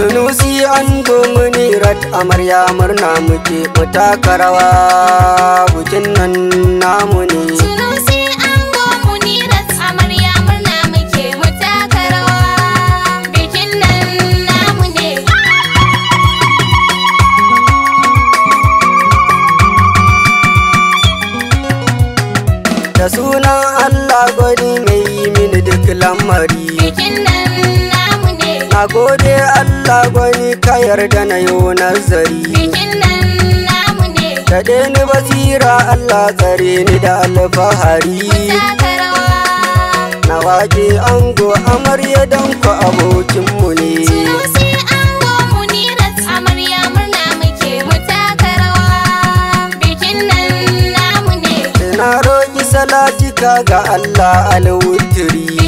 sunusi an muni rat amarya murna muke mu taka rawa bikin nan namu ne A gode Allah gwani ka yarda na yi nazari. Bikin nan namu ne. Kaɗe ni basira Allah tsare ni da alfahari. Na wake ango amarya don ku abokinmu ne. Salati ga Allah alwuturi.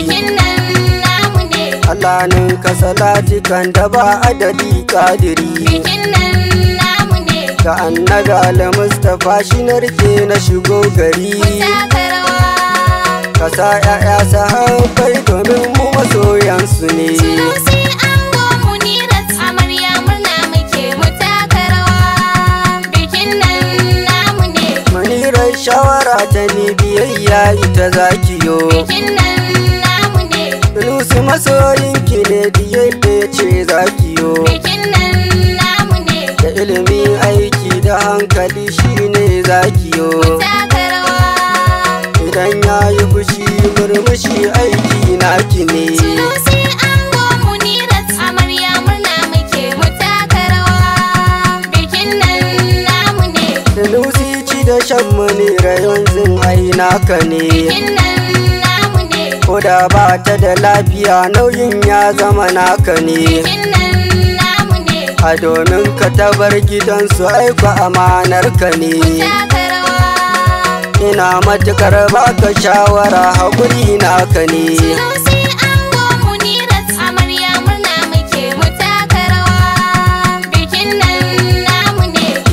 Allanin ka salati kan da ba adadi kadiri Bikin nan namu ne Ga annaga Ali Mustapha shi narke na shigo gari Ka sa ƴaƴa sahabbai domin mu masoyansu ne Sunusi ango munirat amarya murna muke Mutakarwa Bikin nan namu ne Munirar shawara ta ni biyayya ita zaki Wasu masoyin ki ne da ce za ki yo. Bikin nan namu ne. Da ilimi aiki da hankali shine ne za ki yo. Idan ya yi fushi murmushi aiki na ki ne. Sunusi ango munirat amarya murna muke mu Bikin nan namu ne. Sunusi ci da shan munira yanzu ai naka ne. da ba ta da lafiya nauyin ya zama naka ne a domin ka tabar su aiku amanar ka ne ina matukar baka shawara haƙuri naka ne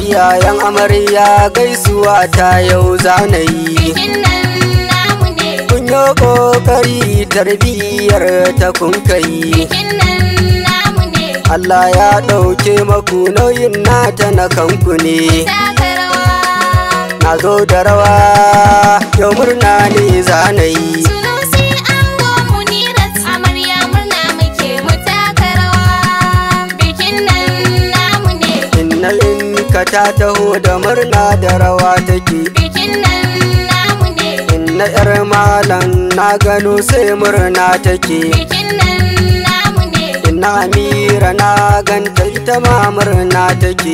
iyayen amarya gaisuwa ta yau zanayi ta kokari tarbiyar ta kun kai Allah ya ɗauke maku nauyin nata na kanku ne na zo da rawa yau murna ne zanayi ka ta taho da murna da rawa take bikin nan namu ne in na yar malam na gano sai murna take bikin nan namu ne ina mira na ganta ita ma murna take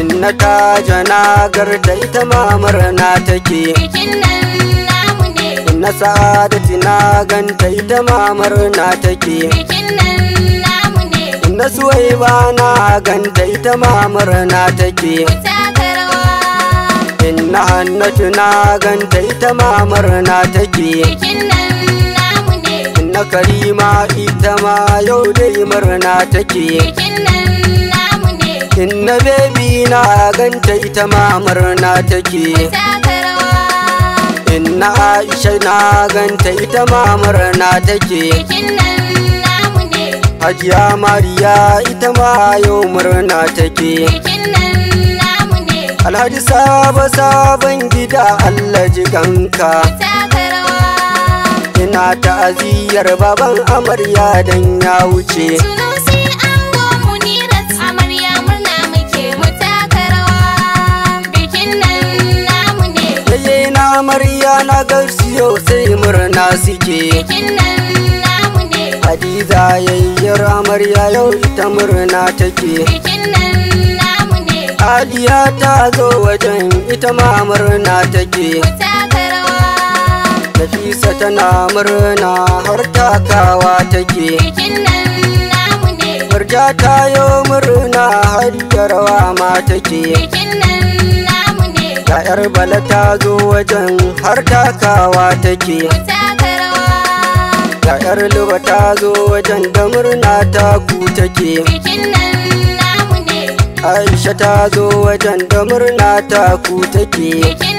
inna ta jana garta ita ma murna take bikin nan namu ne ina sadati na ganta ita ma murna take bikin nan namu ne inna suwaiba na ganta ita ma murna take na Hannatu na ganta ita ma murna take ke. na karima ita ma yau dai murna take ke. na bebi inna baby na ganta ita ma murna take inna aisha na ganta ita ma murna take ke. hajiya mariya ita ma yau murna take bikin alhaji sabo sabon gida allah jikanka ina ta'aziyar baban amarya dan ya wuce amarya na garsiyo sai murna suke bikin nan Hadiza yayyar amarya yau ita murna take. Bikin nan Aliya ta zo wajen ita ma murna take. Nafisa tana murna har takawa take. Murja ta yo murna har jarawa ma take. Ya'yar bala ta zo wajen har takawa take. Ya'yar luba ta zo wajen da murna ta ku take. Bikin nan Aisha ta zo wajen da murna ta ku take. Bikin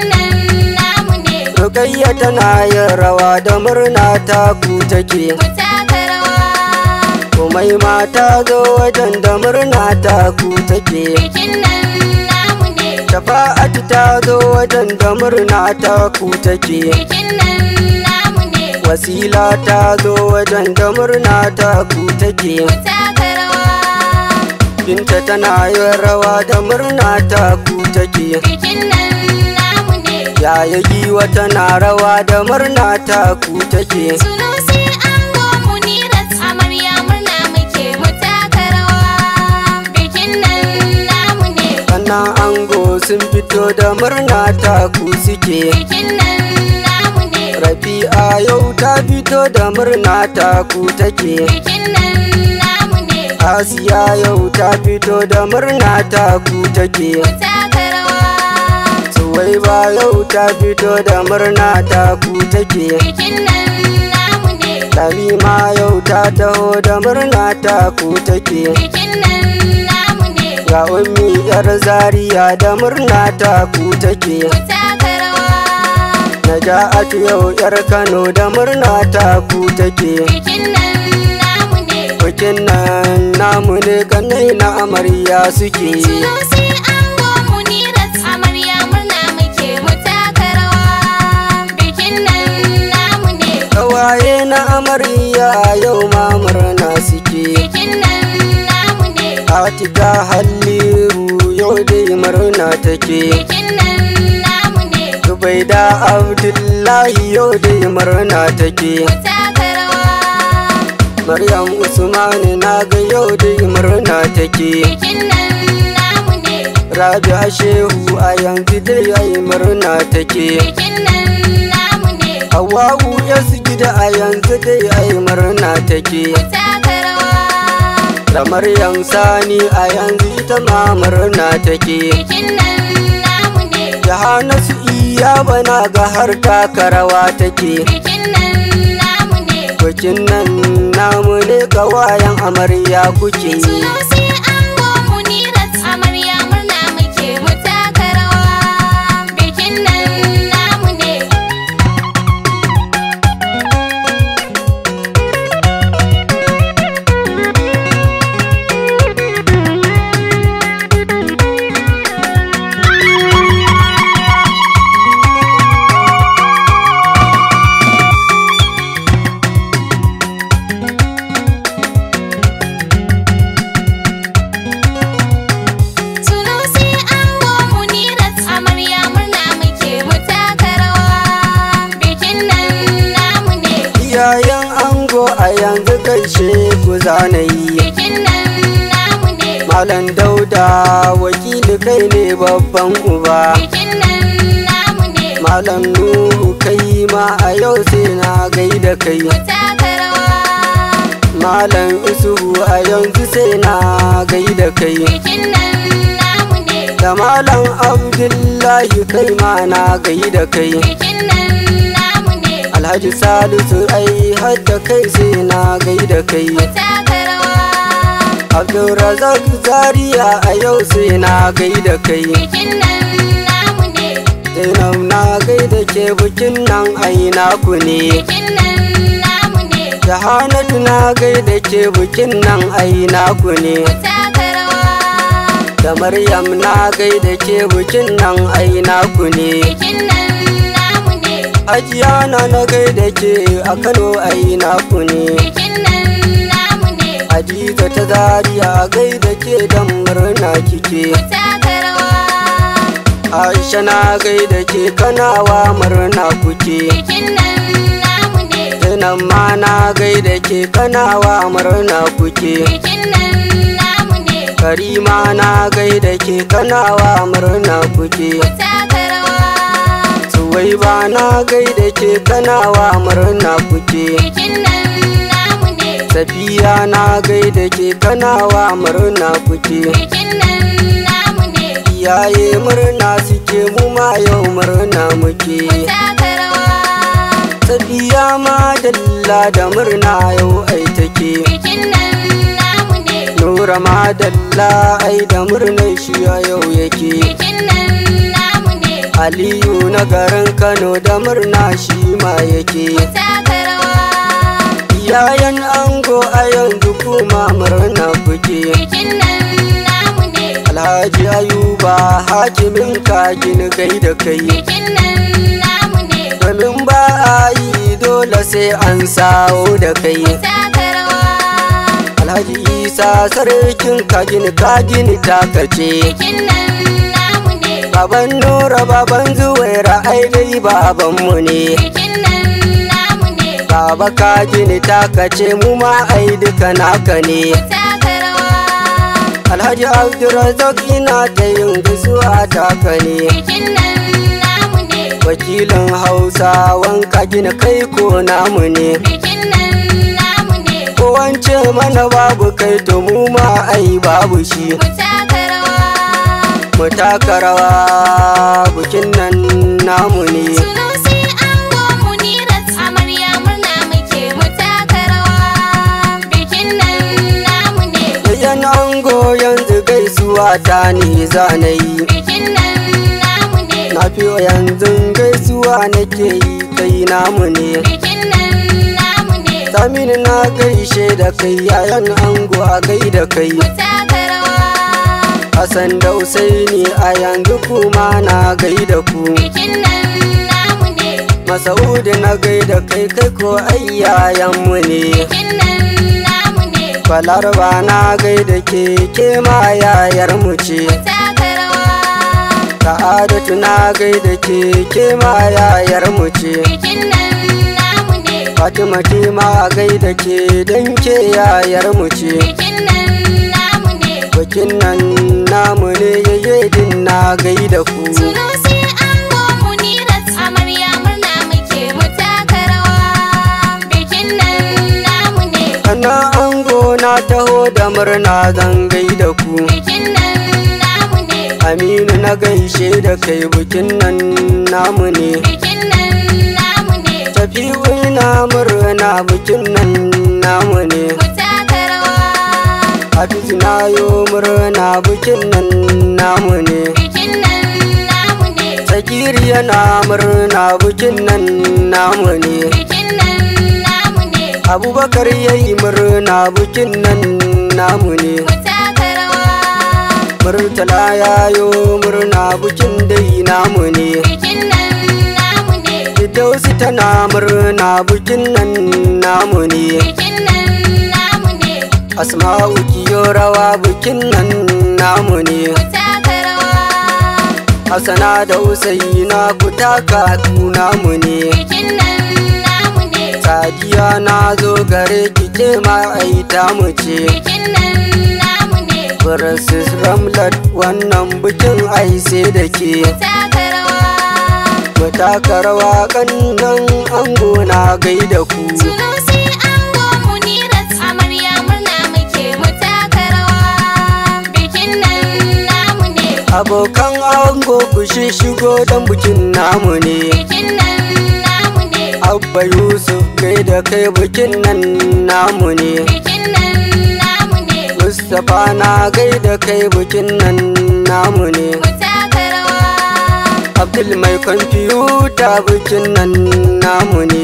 tana yin rawa da murna ta ku take. Kumai ma ta zo wajen da murna ta ku take. Bikin nan namu ta zo wajen da murna ta ku take. Bikin wasila ta zo wajen da murna ta ku take Binta tana yin rawa da murna ta ku take. Bikin nan namu ne. Yaya giwa tana rawa da murna ta ku take. Sunusi ango munirat amarya murna muke mu Bikin nan namu ne. Ana ango sun fito da murna ta ku suke. Bikin nan namu ne. Rabi'a yau ta fito da murna ta ku take. Bikin nan Asiya yau ta fito da murna ta ku take. Suwai ba yau ta fito da murna ta ku take. Bikin nan namu Salima yau ta taho da murna ta ku take. Bikin nan namu Ga ummi yar Zariya da murna ta ku take. Naja'atu yau yar Kano da murna ta ku take. Bikin nan bikin nan namu ne kanai na amarya suke Waye na amarya yau ma murna suke Bikin nan namu ne Atika Halliru yau dai murna take Bikin nan namu ne Zubaida Abdullahi yau dai murna take Mutaka Maryam Usmani na ga yau dai murna take. Bikin nan namu ne. Rabia Shehu a yanzu dai ai murna take. Bikin nan namu ne. Hawawu ya gida a yanzu dai ai murna take. Da Maryam Sani a yanzu ita ma murna take. Bikin nan namu ne. iya bana ga har takarawa take. Bikin nan namu ne. Bikin nan namu ne kawayan amarya kuke kai ne babban uba malam nuhu kai ma a yau sai na gaida kai malam Isu a yanzu sai na gaida kai da malam abdullahi kai ma na gaida kai alhaji salisu ai da kai sai na gaida kai Abdulrazak Zaria a yau sai na gaida kai. Bikin nan namu ne. Zainab eh, na gaida ke bikin nan ai ku ne. Bikin nan namu ne. na gaida ke bikin nan ai ku ne. Da Maryam na gaida ke bikin nan ai ku ne. Bikin nan Ajiya na na gaida ke a Kano ai ku ne. Bikin Hadiza ta zariya gaida ke dan murna kike. Aisha na gaida ke kanawa murna kuke. Bikin nan namu ne. na ma na gaida ke kanawa murna kuke. Bikin nan Karima na gaida ke kanawa murna kuke. Suwaiba na gaida ke kanawa murna kuke. Bikin nan safiya na gaida ke kanawa murna kuke iyaye murna suke mu ma yau murna muke safiya ma dalla da murna yau ai take nura ma dalla ai da murnar shi yau yake aliyu na garin kano da murna shi ma yake yayan ango a yanzu kuma murna kuke bikin nan namu ne alhaji ayuba hakimin kagin kai da kai bikin nan namu ne domin ba a yi dole sai an sawo da kai alhaji isa sarkin kagin kagin takace bikin nan namu ne baban nura baban zuwaira ai dai babanmu ne bikin nan baba ka gini taka ce mu ma ai duka naka ne Alhaji Abdulrazak ina ta yin gusuwa taka ne Wakilin Hausa wanka gina kai ko namu ne Ko mana babu kai to mu ma ai babu shi Mu taka rawa bikin nan namu ne gaisuwa ta ne zanayi bikin nan na fiyo yanzu gaisuwa nake yi kai namu ne namu ne saminu na gaishe da kai yayan ango a gai da kai Hassan da Usaini a yanzu kuma na gai da ku bikin Masaudu na gai da kai kai ko ayyayan mu ne falar ba na gaida ke ke ma yayar mu ce sa'adatu na gaida ke ke ma yayar mu ce fatima ke ma gaida ke don ke yayar mu ce bikin nan namu ne yayyadin na gaida ku taho da murna zan gaida ku bikin nan namu ne aminu na gaishe da kai bikin nan namu ne bikin nan namu ne tafi na murna bikin nan namu ne Hafizu na yo murna bikin nan namu ne bikin nan namu ne Sakiri yana murna bikin nan namu ne bikin nan abubakar yayi murna bikin nan namu ne murtala ya murna bikin dai namu ne ita tana murna bikin nan namu ne asma'u rawa bikin nan namu ne Hassana da Usaina na kutaka namu ne. Bikin nan sadiya na zo gare ki ke ma aita mu ce bikin nan namu ne versus ramlat wannan bikin ai sai da ke Wata karawa kan ango na gaida ku ango Abokan ango ku shi shigo don bikin namu ne Bikin nan abba yusuf kai da kai bikin nan namu ne mustapha na gai da kai bikin nan namu ne abdul mai kwamfuta bikin nan namu ne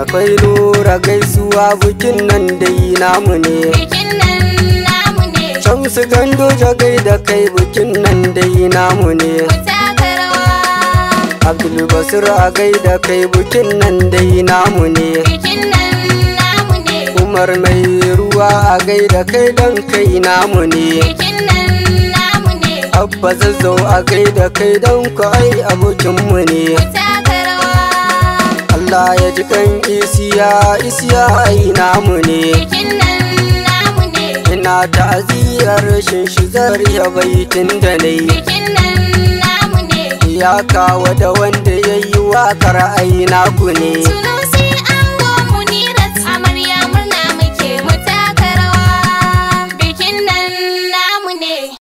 akwai lura gaisuwa bikin nan dai namu ne shamsu gando jagai da kai bikin nan dai namu ne Abdul Basir a gaida kai bikin nan dai namu ne Umar mai ruwa a gaida kai dan kai namu ne Abba zazzau a gaida kai dan kai abokinmu ne Allah ya ji kan isiya isiya ai namu ne Ina ta'aziyar shin shi a baitin da ne ya wa da wanda ya yi waƙar aina ku ne.